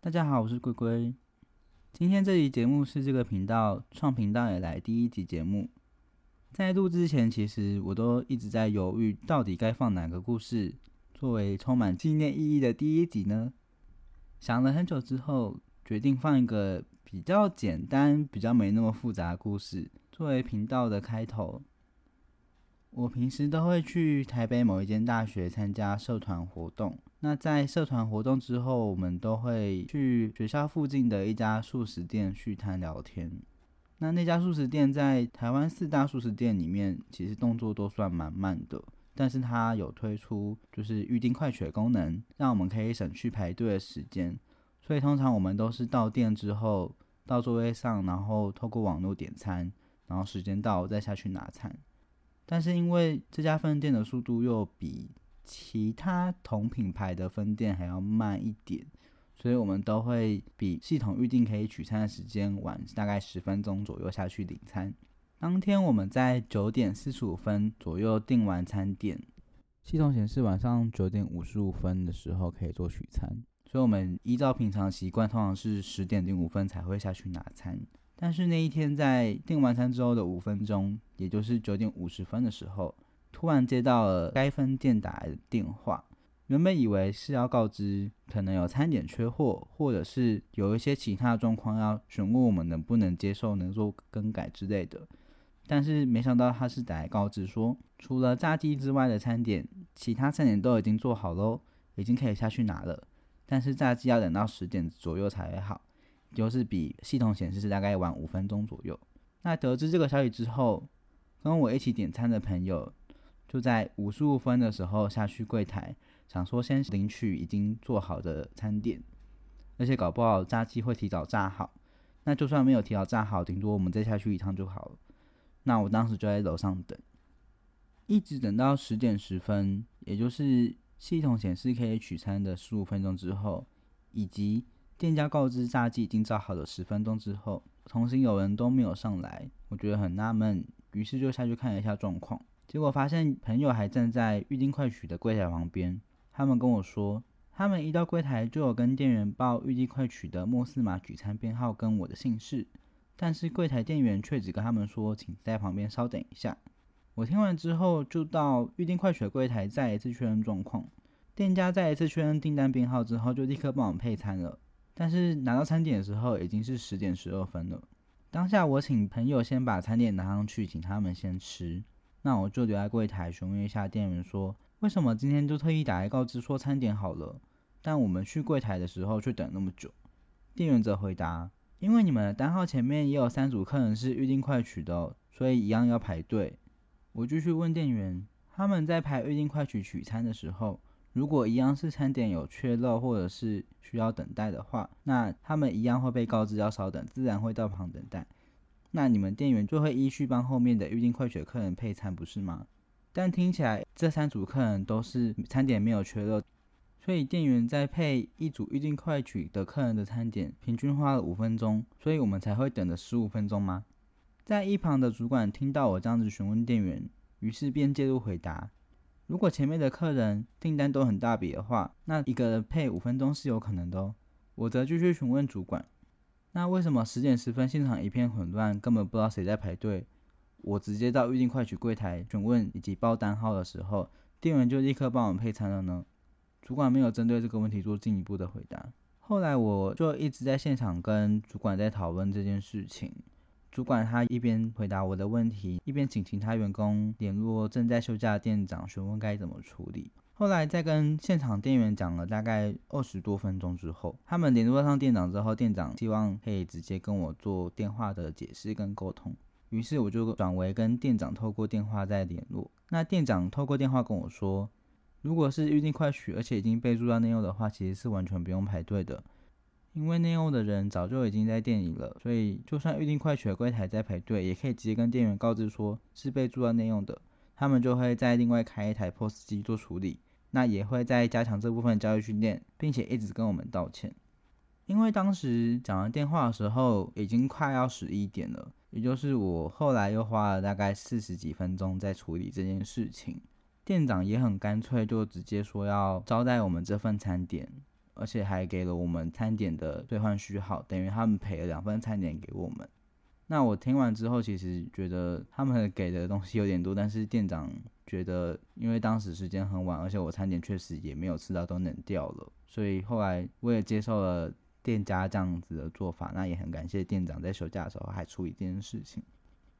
大家好，我是龜龜。今天這集節目是這個頻道創頻道以來第一集節目。在錄之前，其實我都一直在猶豫，到底該放哪個故事作為充滿紀念意義的第一集呢？想了很久之後，決定放一個。比較簡單，比較沒那麼複雜的故事，作為頻道的開頭。我平時都會去台北某一間大學參加社團活動，那在社團活動之後，我們都會去學校附近的一家速食店續攤聊天。那那家速食店在台灣四大速食店裡面，其實動作都算蠻慢的，但是它有推出就是預訂快取的功能，讓我們可以省去排隊的時間。所以通常我們都是到店之後到座位上，然後透過網絡點餐，然後時間到再下去拿餐。但是因為這家分店的速度又比其他同品牌的分店還要慢一點，所以我們都會比系統預定可以取餐的時間晚大概十分鐘左右下去領餐。當天我們在九點四十五分左右訂完餐點，系統顯示晚上九點五十五分的時候可以做取餐。所以，我們依照平常習慣，通常是十點零五分才會下去拿餐。但是那一天，在訂完餐之後的五分鐘，也就是九點五十分的時候，突然接到了該分店打來的電話。原本以為是要告知可能有餐點缺貨，或者是有一些其他狀況要詢問我們能不能接受、能做更改之類的，但是沒想到他是打來告知說，除了炸雞之外的餐點，其他餐點都已經做好嘍，已經可以下去拿了。但是炸雞要等到十點左右才會好，就是比系統顯示是大概晚五分鐘左右。那得知這個消息之後，跟我一起點餐的朋友就在五十五分的時候下去櫃檯，想說先領取已經做好的餐點，而且搞不好炸雞會提早炸好。那就算沒有提早炸好，頂多我們再下去一趟就好了。那我當時就在樓上等，一直等到十點十分，也就是，系統顯示可以取餐的十五分鐘之後，以及店家告知炸雞已經炸好的十分鐘之後，同行友人都沒有上來，我覺得很納悶，於是就下去看了一下狀況。結果發現朋友還站在預訂快取的櫃檯旁邊。他們跟我說，他們一到櫃檯就有跟店員報預訂快取的末四碼取餐編號跟我的姓氏，但是櫃檯店員卻只跟他們說，請在旁邊稍等一下。我聽完之後，就到預訂快取的櫃檯再一次確認狀況。店家再一次確認訂單編號之後，就立刻幫我配餐了。但是拿到餐點的時候，已經是十點十二分了。當下我請朋友先把餐點拿上去，請他們先吃。那我就留在櫃檯詢問一下店員，說為什麼今天就特意打來告知說餐點好了，但我們去櫃檯的時候卻等那麼久？店員則回答：“因為你們的單號前面也有三組客人是預訂快取的，所以一樣要排隊。”我就去問店員，他們在排預定快取取餐的時候，如果一樣是餐點有缺漏或者是需要等待的話，那他們一樣會被告知要稍等，自然會到旁等待。那你們店員就會依序幫後面的預定快取客人配餐，不是嗎？但聽起來這三組客人都是餐點沒有缺漏，所以店員在配一組預定快取的客人的餐點，平均花了五分鐘，所以我們才會等了十五分鐘嗎？在一旁的主管聽到我這樣子詢問店員，於是便介入回答：“如果前面的客人訂單都很大筆的話，那一個人配五分鐘是有可能的哦。”我則繼續詢問主管：“那為什麼十點十分現場一片混亂，根本不知道誰在排隊？我直接到預定快取櫃檯詢問以及報單號的時候，店員就立刻幫我配餐了呢？”主管沒有針對這個問題做進一步的回答。後來我就一直在現場跟主管在討論這件事情。主管他一邊回答我的問題，一邊請其他員工聯絡正在休假的店長詢問該怎麼處理。後來在跟現場店員講了大概二十多分鐘之後，他們聯絡上店長之後，店長希望可以直接跟我做電話的解釋跟溝通。於是我就轉為跟店長透過電話再聯絡。那店長透過電話跟我說，如果是預定快取而且已經備註到內用的話，其實是完全不用排隊的。因為內用的人早就已經在店裡了，所以就算預訂快取的櫃檯在排隊，也可以直接跟店員告知說是備註要內用的，他們就會再另外開一台 POS 機做處理。那也會再加強這部分交易訓練，並且一直跟我們道歉。因為當時講完電話的時候已經快要十一點了，也就是我後來又花了大概四十幾分鐘在處理這件事情。店長也很乾脆，就直接說要招待我們這份餐點。而且還給了我們餐點的兌換序號，等於他們賠了兩份餐點給我們。那我聽完之後，其實覺得他們給的東西有點多，但是店長覺得，因為當時時間很晚，而且我餐點確實也沒有吃到，都冷掉了，所以後來我也接受了店家這樣子的做法。那也很感謝店長在休假的時候還處理這件事情。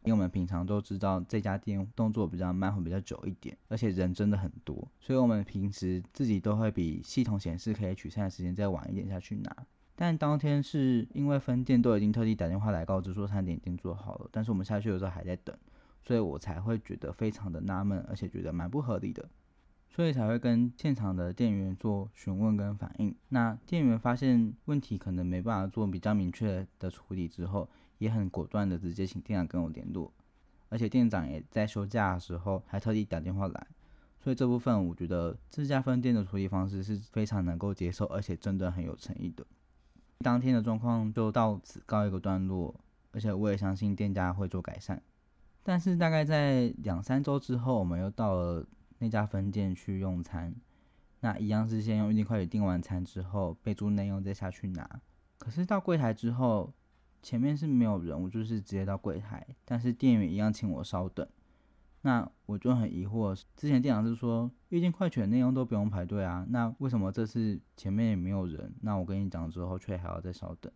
因為我們平常，都知道這家店動作比較慢，會比較久一點，而且人真的很多，所以我們平時自己都會比系統顯示可以取餐的時間再晚一點下去拿。但當天是因為分店都已經特地打電話來告知說餐點已經做好了，但是我們下去的時候還在等，所以我才會覺得非常的納悶，而且覺得蠻不合理的，所以才會跟現場的店員做詢問跟反應。那店員發現問題可能沒辦法做比較明確的處理之後。也很果斷的，直接請店長跟我聯絡，而且店長也在休假的時候還特地打電話來，所以這部分我覺得這家分店的處理方式是非常能夠接受，而且真的很有誠意的。當天的狀況就到此告一個段落，而且我也相信店家會做改善。但是大概在兩三周之後，我們又到了那家分店去用餐，那一樣是先用預訂快取訂完餐之後備註內容再下去拿，可是到櫃台之後。前面是沒有人，我就是直接到櫃檯，但是店員一樣請我稍等。那我就很疑惑，之前店長是說預訂快取內容都不用排隊啊，那為什麼這次前面也沒有人？那我跟你講之後，卻還要再稍等。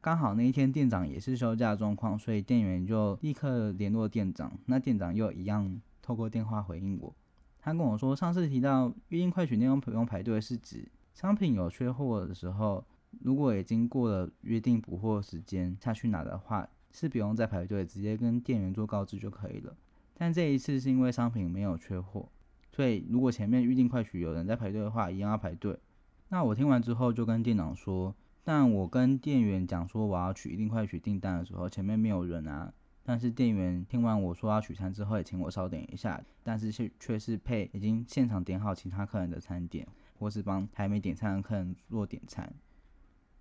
剛好那一天店長也是休假狀況，所以店員就立刻聯絡店長，那店長又一樣透過電話回應我。他跟我說，上次提到預訂快取內容不用排隊，是指商品有缺貨的時候。如果已經過了約定補貨時間，下去拿的話是不用再排隊，直接跟店員做告知就可以了。但這一次是因為商品沒有缺貨，所以如果前面預定快取有人在排隊的話，一樣要排隊。那我聽完之後就跟店長說，但我跟店員講說我要取一定快取訂單的時候，前面沒有人啊。但是店員聽完我說要取餐之後，也請我稍等一下，但是卻卻是配已經現場點好其他客人的餐點，或是幫還沒點餐的客人做點餐。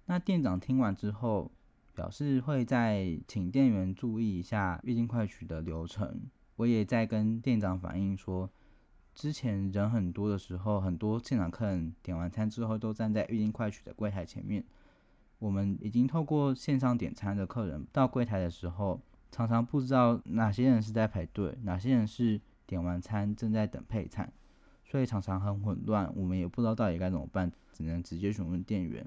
那店長聽完之後，表示會再請店員注意一下預訂快取的流程。我也在跟店長反映說，之前人很多的時候，很多現場客人點完餐之後都站在預訂快取的櫃檯前面。我們已經透過線上點餐的客人到櫃檯的時候，常常不知道哪些人是在排隊，哪些人是點完餐正在等配餐，所以常常很混亂。我們也不知道到底該怎麼辦，只能直接詢問店員。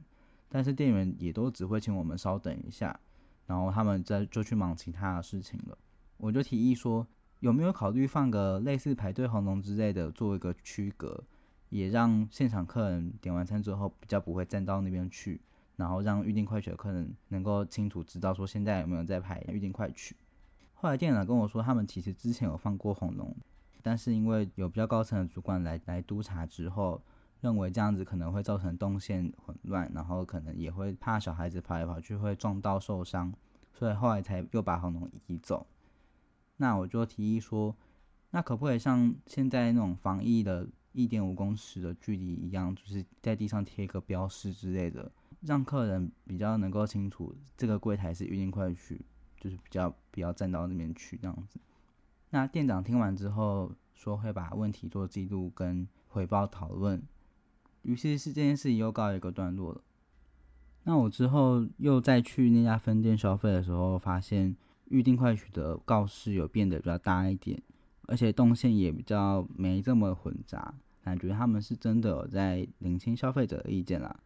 但是店員也都只會請我們稍等一下，然後他們在就去忙其他的事情了。我就提議說，有沒有考慮放個類似排隊紅龍之類的，做一個區隔，也讓現場客人點完餐之後比較不會站到那邊去，然後讓預定快取的客人能夠清楚知道說現在有沒有在排預定快取。後來店長跟我說，他們其實之前有放過紅龍，但是因為有比較高層的主管來來督察之後。認為這樣子可能會造成動線混亂，然後可能也會怕小孩子跑來跑去會撞到受傷，所以後來才又把黃龍移走。那我就提議說，那可不可以像現在那種防疫的一點五公尺的距離一樣，就是在地上貼一個標識之類的，讓客人比較能夠清楚這個櫃檯是預訂快取，就是比較比較站到那邊去這樣子。那店長聽完之後說會把問題做記錄跟回報討論。於是是這件事情又告一個段落了。那我之後又再去那家分店消費的時候，發現預訂快取的告示有變得比較大一點，而且動線也比較沒這麼混雜，感覺他們是真的有在聆聽消費者的意見了。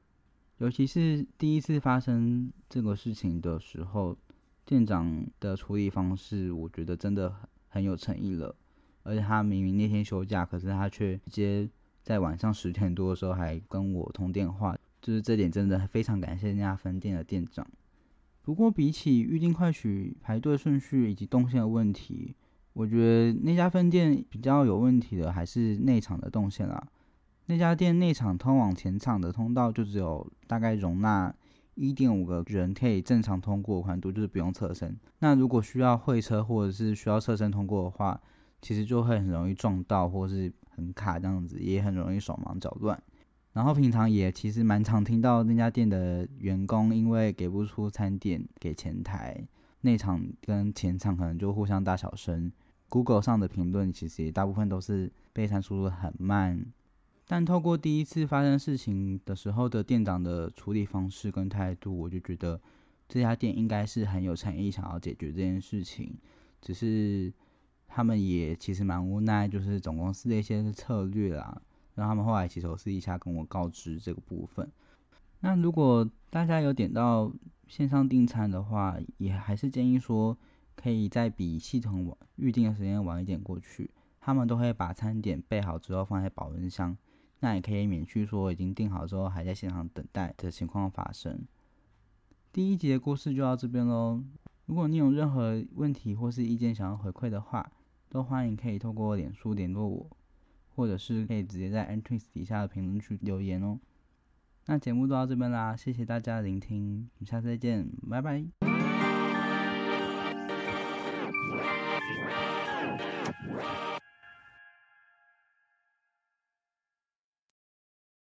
尤其是第一次發生這個事情的時候，店長的處理方式，我覺得真的很有誠意了。而且他明明那天休假，可是他卻直接。在晚上十點多的時候還跟我通電話，就是這點真的非常感謝那家分店的店長。不過比起預定快取排隊順序以及動線的問題，我覺得那家分店比較有問題的還是內場的動線啦。那家店內場通往前場的通道就只有大概容納一點五個人可以正常通過寬度，就是不用側身。那如果需要會車或者是需要側身通過的話，其實就會很容易撞到或是。很卡，這樣子也很容易手忙腳亂。然後平常也其實蠻常聽到那家店的員工因為給不出餐點給前台，內場跟前場可能就互相大小聲。Google 上的評論其實也大部分都是備餐速度很慢。但透過第一次發生事情的時候的店長的處理方式跟態度，我就覺得這家店應該是很有誠意想要解決這件事情，只是。他們也其實蠻無奈，就是總公司的一些策略啦，讓他們後來其實私底下跟我告知這個部分。那如果大家有點到線上訂餐的話，也還是建議說可以再比系統晚預定的時間晚一點過去，他們都會把餐點備好之後放在保溫箱，那也可以免去說已經訂好之後還在現場等待的情況發生。第一集的故事就到這邊嘍，如果你有任何問題或是意見想要回饋的話，都歡迎，可以透過臉書聯絡我，或者是可以直接在 entrance 底下的評論區留言哦。那節目就到這邊啦，謝謝大家的聆聽，我們下次再見，拜拜。